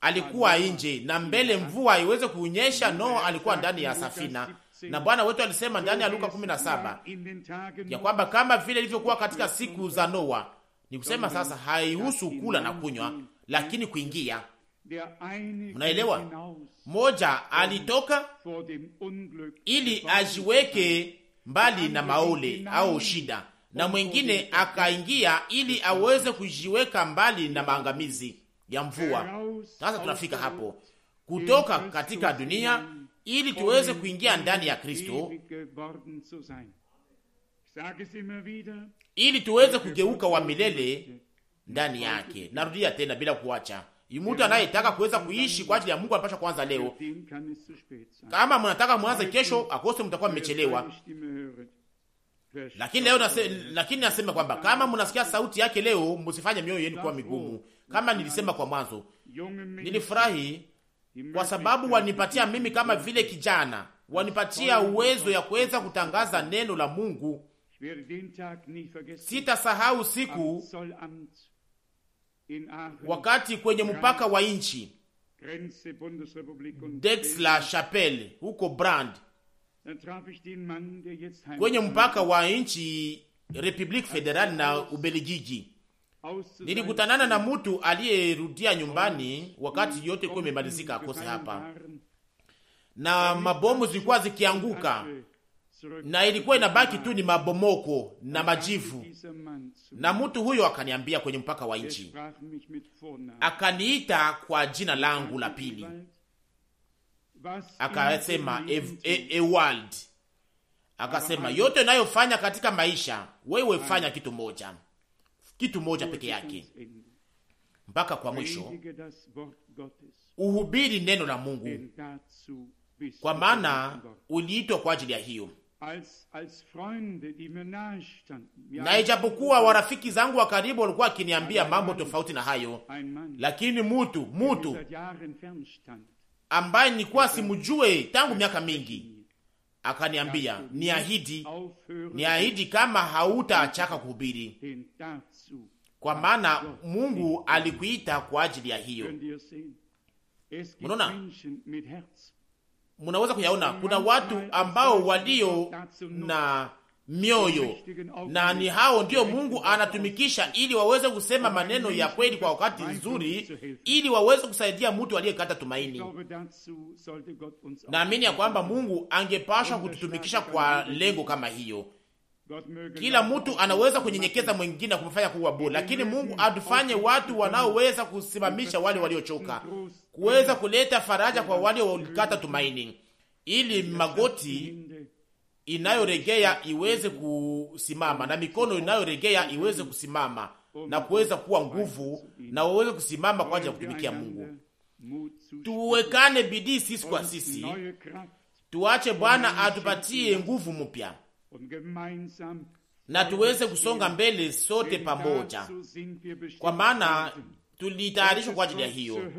B: Alikuwa nje na mbele mvua iweze kunyesha, Noa alikuwa ndani ya safina na Bwana wetu alisema ndani ya Luka 17 ya kwamba kama vile ilivyokuwa katika siku za Noa, ni kusema sasa haihusu kula na kunywa, lakini kuingia.
A: Mnaelewa,
B: moja alitoka ili ajiweke mbali na maule au shida, na mwengine akaingia ili aweze kujiweka mbali na maangamizi ya mvua. Sasa tunafika hapo kutoka katika dunia ili tuweze kuingia ndani ya Kristo, ili tuweze kugeuka wa milele ndani yake. Narudia tena bila kuacha, mtu anayetaka kuweza kuishi kwa ajili ya Mungu anapasha kuanza leo. Kama mnataka mwanze kesho, akose mtakuwa mmechelewa. Lakini leo nase, lakini nasema kwamba kama mnasikia sauti yake leo, msifanye mioyo yenu kuwa migumu. Kama nilisema kwa mwanzo, nilifurahi kwa sababu wanipatia mimi kama vile kijana, wanipatia uwezo ya kuweza kutangaza neno la Mungu.
A: Sitasahau siku
B: wakati kwenye mpaka wa nchi Dex la Chapelle huko Brand,
A: kwenye mpaka wa
B: nchi Republique Federal na Ubelgiji, nilikutanana na mtu aliyerudia nyumbani wakati yote kuwa imemalizika akose hapa, na mabomu zilikuwa zikianguka na ilikuwa inabaki tu ni mabomoko na majivu. Na mtu huyo akaniambia kwenye mpaka wa nchi, akaniita kwa jina langu la pili, akasema Ewald, e-, e akasema yote unayofanya katika maisha wewe fanya kitu moja, kitu moja peke yake mpaka kwa mwisho, uhubiri neno la Mungu, kwa maana uliitwa kwa ajili ya hiyo na ijapokuwa warafiki zangu wa karibu walikuwa akiniambia mambo tofauti na hayo, lakini mutu mutu ambaye nilikuwa simjue tangu miaka mingi akaniambia, niahidi, niahidi kama hautaachaka kuhubiri, kwa maana Mungu alikuita kwa ajili ya hiyo munaweza kuyaona, kuna watu ambao walio na mioyo na ni hao ndiyo Mungu anatumikisha ili waweze kusema maneno ya kweli kwa wakati nzuri, ili waweze kusaidia mtu aliyekata tumaini. Naamini ya kwamba Mungu angepashwa kututumikisha kwa lengo kama hiyo. Kila mtu anaweza kunyenyekeza mwingine na kumfanya kuwa bora, lakini Mungu atufanye watu wanaoweza kusimamisha wale waliochoka, kuweza kuleta faraja kwa wale walikata tumaini, ili magoti inayoregea iweze kusimama na mikono inayoregea iweze kusimama na kuweza kuwa nguvu na waweze kusimama kwa ajili ya kutumikia Mungu. Tuwekane bidii sisi kwa sisi, tuache Bwana atupatie nguvu mpya na tuweze kusonga mbele sote pamoja, kwa maana tulitayarishwa kwa ajili ya hiyo.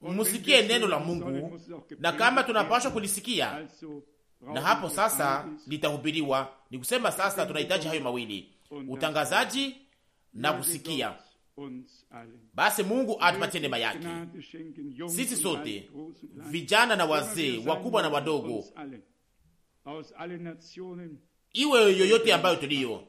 B: Musikie neno la Mungu, na kama tunapashwa kulisikia, na hapo sasa litahubiriwa. Ni kusema sasa tunahitaji hayo mawili, utangazaji na kusikia. Basi Mungu atupatie neema yake sisi sote, vijana na wazee, wakubwa na wadogo iwe yoyote ambayo tuliyo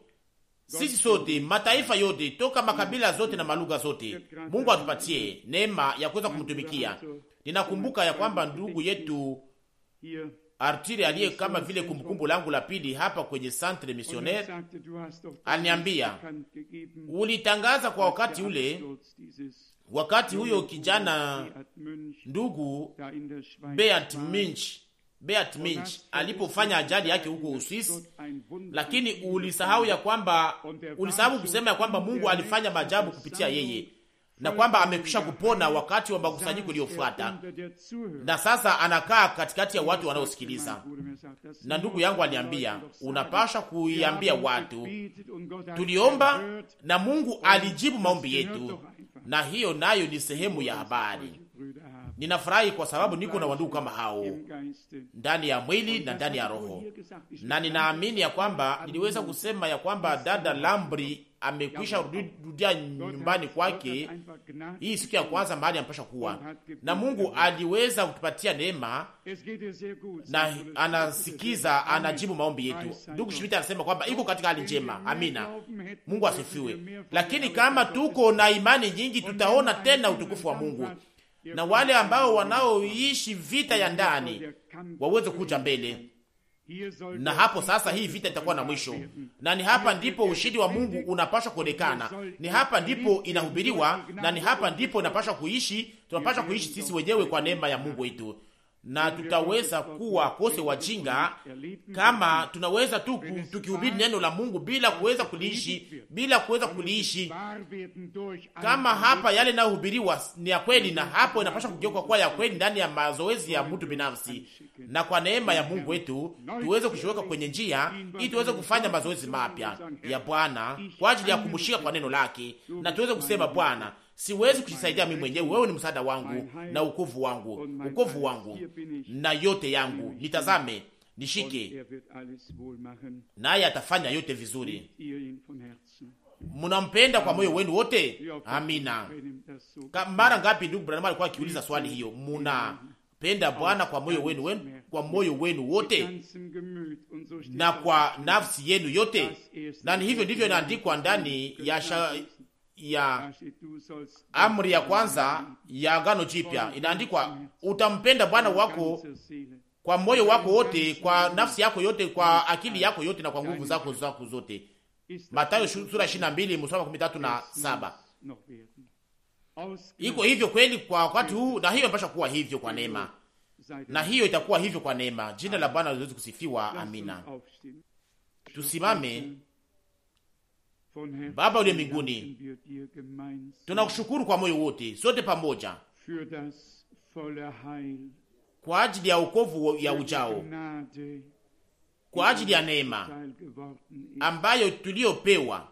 B: sisi sote, mataifa yote, toka makabila zote na malugha zote, Mungu atupatie neema ya kuweza kumtumikia. Ninakumbuka ya kwamba ndugu yetu Artiri aliye kama vile kumbukumbu langu la pili hapa kwenye Centre Missionnaire aliniambia, ulitangaza kwa wakati ule, wakati huyo kijana ndugu Beat Minch Beat Minch alipofanya ajali yake huko Uswisi, lakini ulisahau ya kwamba ulisahau kusema ya kwamba Mungu alifanya maajabu kupitia yeye na kwamba amekwisha kupona wakati wa makusanyiko iliyofuata, na sasa anakaa katikati ya watu wanaosikiliza. Na ndugu yangu aliambia, unapasha kuiambia watu, tuliomba na Mungu alijibu maombi yetu, na hiyo nayo ni sehemu ya habari Ninafurahi kwa sababu niko na wandugu kama hao ndani ya mwili na ndani ya roho, na ninaamini ya kwamba niliweza kusema ya kwamba dada Lambri amekwisha rudia nyumbani kwake hii siku ya kwanza mahali ampasha kuwa, na Mungu aliweza kutupatia neema na anasikiza, anajibu maombi yetu. Ndugu Shimita anasema kwamba iko katika hali njema. Amina, Mungu asifiwe. Lakini kama tuko na imani nyingi, tutaona tena utukufu wa Mungu na wale ambao wanaoishi vita ya ndani waweze kuja mbele. Na hapo sasa hii vita itakuwa na mwisho, na ni hapa ndipo ushindi wa Mungu unapaswa kuonekana, ni hapa ndipo inahubiriwa, na ni hapa ndipo inapaswa kuishi, tunapaswa kuishi sisi wenyewe kwa neema ya Mungu wetu na tutaweza kuwa kose wajinga kama tunaweza tu tukihubiri neno la Mungu bila kuweza kuliishi, bila kuweza kuliishi. Kama hapa yale nayohubiriwa ni ya kweli, na hapo inapasha kugeuka kuwa ya kweli ndani ya mazoezi ya mtu binafsi, na kwa neema ya Mungu wetu tuweze kushoweka kwenye njia, ili tuweze kufanya mazoezi mapya ya Bwana kwa ajili ya kumshika kwa neno lake, na tuweze kusema Bwana siwezi kujisaidia mimi mwenyewe. Wewe ni msaada wangu na ukovu wangu, ukovu wangu na yote yangu. Nitazame, nishike, naye atafanya yote vizuri. Munampenda kwa moyo wenu wote? Amina. Mara ngapi ndugu Branham alikuwa akiuliza swali hiyo, munapenda Bwana kwa moyo wenu wenu kwa moyo wenu wote na kwa nafsi yenu yote? Na hivyo ndivyo inaandikwa ndani ya ya amri ya kwanza ya Agano Jipya inaandikwa, utampenda Bwana wako kwa moyo wako wote, kwa nafsi yako yote, kwa akili yako yote, na kwa nguvu zako zako zote. Mathayo sura 22 mstari 13 na saba. Iko hivyo kweli kwa wakati huu, na hiyo inapasha kuwa hivyo kwa neema, na hiyo itakuwa hivyo kwa neema. Jina la Bwana liweze kusifiwa. Amina. Tusimame Baba uliye mbinguni, tunakushukuru kwa moyo wote, sote pamoja kwa ajili ya ukovu ya ujao, kwa ajili ya neema ambayo tuliyopewa,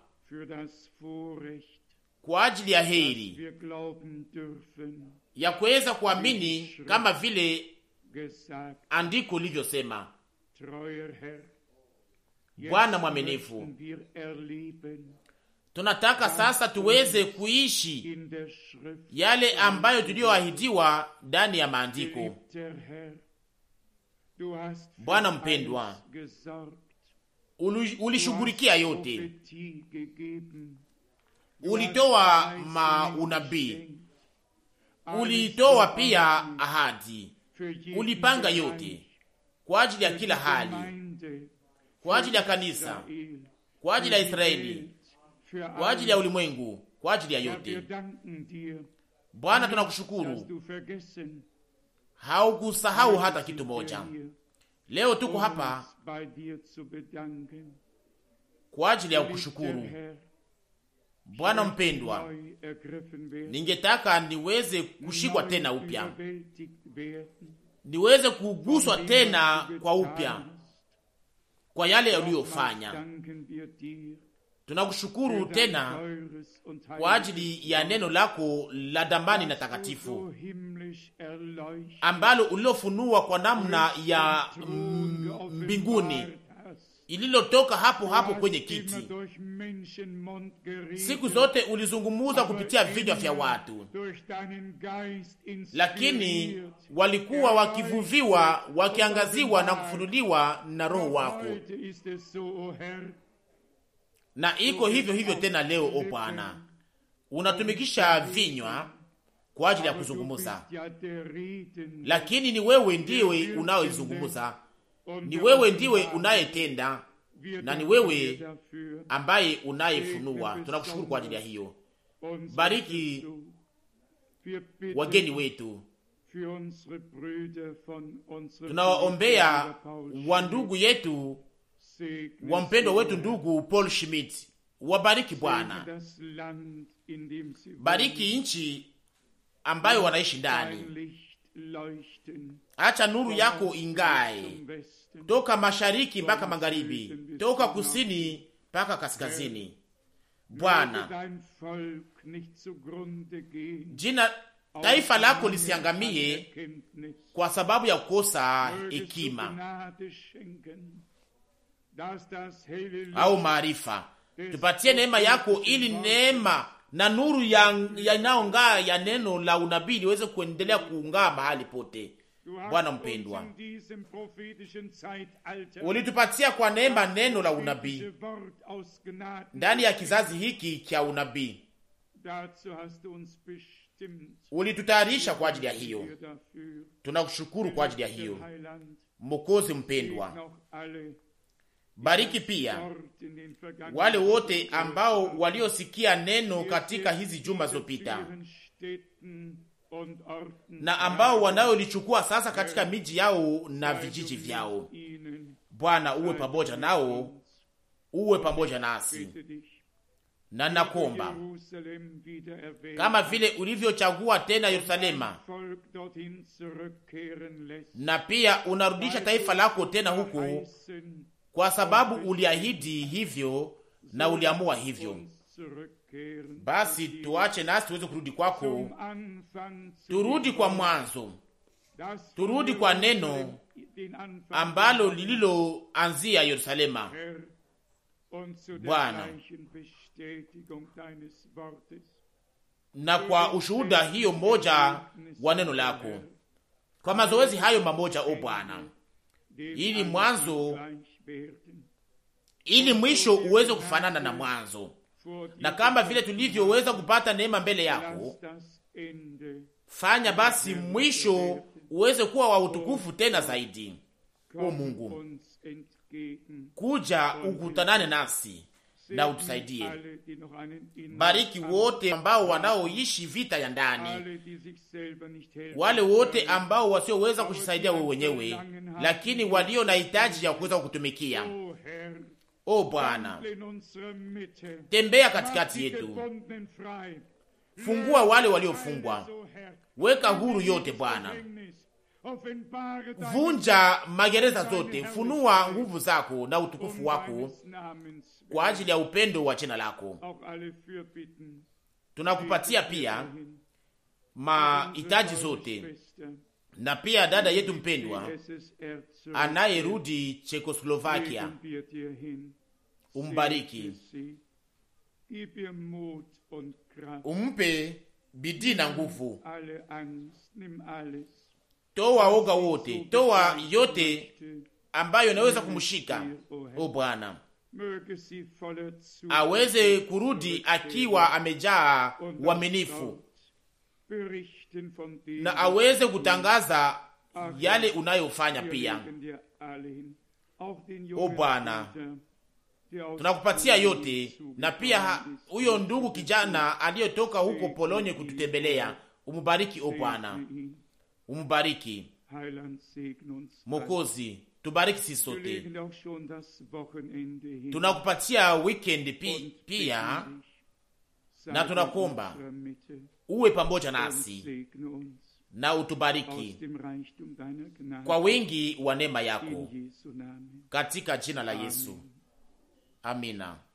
B: kwa ajili ya heri
A: ya kuweza kuamini kama
B: vile andiko lilivyosema. Bwana mwaminifu,
A: tunataka sasa tuweze
B: kuishi
A: yale ambayo
B: tuliyoahidiwa ndani ya maandiko.
A: Bwana mpendwa,
B: ulishughulikia yote, ulitoa maunabii, ulitoa pia ahadi, ulipanga yote kwa ajili ya kila hali kwa ajili ya kanisa, kwa ajili ya Israeli, kwa ajili ya ulimwengu, kwa ajili ya yote. Bwana, tunakushukuru, haukusahau hata kitu moja. Leo tuko hapa kwa ajili ya kushukuru Bwana mpendwa. Ningetaka niweze kushikwa tena upya, niweze kuguswa tena kwa upya kwa yale uliyofanya. Tunakushukuru tena kwa ajili ya neno lako la dambani na takatifu ambalo ulilofunua kwa namna ya mbinguni ililotoka hapo hapo kwenye kiti. Siku zote ulizungumuza kupitia vinywa vya watu, lakini walikuwa wakivuviwa, wakiangaziwa na kufunuliwa na Roho wako, na iko hivyo hivyo tena leo. O Bwana, unatumikisha vinywa kwa ajili ya kuzungumuza, lakini ni wewe ndiwe unaoizungumuza ni wewe ndiwe unayetenda na ni wewe ambaye unayefunua. Tunakushukuru kwa ajili ya hiyo. Bariki
A: wageni wetu, tunawaombea
B: wa ndugu yetu wa mpendwa wetu ndugu Paul Schmidt, wabariki Bwana, bariki nchi ambayo wanaishi ndani Acha nuru yako ingae toka mashariki mpaka magharibi, toka kusini mpaka kaskazini. Bwana, jina taifa lako lisiangamie kwa sababu ya kukosa hekima au maarifa tupatie neema yako, ili neema na nuru inaong'aa ya, ya neno la unabii liweze kuendelea kuung'aa mahali pote. Bwana mpendwa,
A: ulitupatia kwa neema neno la unabii
B: ndani ya kizazi hiki cha unabii, ulitutayarisha kwa ajili ya hiyo. Tunakushukuru kwa ajili ya hiyo, Mokozi mpendwa. Bariki pia wale wote ambao waliosikia neno katika hizi juma zilizopita na ambao wanayolichukua sasa katika miji yao na vijiji vyao. Bwana, uwe pamoja nao, uwe pamoja nasi, na nakuomba kama vile ulivyochagua tena Yerusalema, na pia unarudisha taifa lako tena huku kwa sababu uliahidi hivyo na uliamua hivyo. Basi tuache nasi tuweze kurudi kwako, turudi kwa mwanzo, turudi kwa neno ambalo lililoanzia Yerusalema. Bwana, na kwa ushuhuda hiyo moja wa neno lako, kwa mazoezi hayo mamoja, o Bwana, ili mwanzo ili mwisho uweze kufanana na mwanzo, na kama vile tulivyoweza kupata neema mbele yako, fanya basi mwisho uweze kuwa wa utukufu tena zaidi. O Mungu, kuja ukutanane nasi na utusaidie. Bariki wote ambao wanaoishi vita ya ndani, wale wote ambao wasioweza kujisaidia wewe wenyewe, lakini walio na hitaji ya kuweza kutumikia. O Bwana, tembea katikati yetu, fungua wale waliofungwa, weka huru yote Bwana Vunja magereza zote, funua nguvu zako na utukufu wako kwa ajili ya upendo wa jina lako. Tunakupatia pia mahitaji zote na pia dada yetu mpendwa er anayerudi Chekoslovakia,
A: umbariki, umpe
B: bidii na nguvu toa woga wote, toa yote ambayo inaweza kumshika. O Bwana,
A: aweze
B: kurudi akiwa amejaa uaminifu
A: na aweze
B: kutangaza yale unayofanya. Pia
A: o Bwana, tunakupatia
B: yote, na pia huyo ndugu kijana aliyetoka huko Polonye kututembelea, umubariki o Bwana. Umbariki
A: Mokozi, tubariki sisi sote.
B: Tunakupatia wikendi pi, pia na tunakuomba uwe pamoja nasi na utubariki kwa wingi wa neema yako katika jina la Yesu, amina.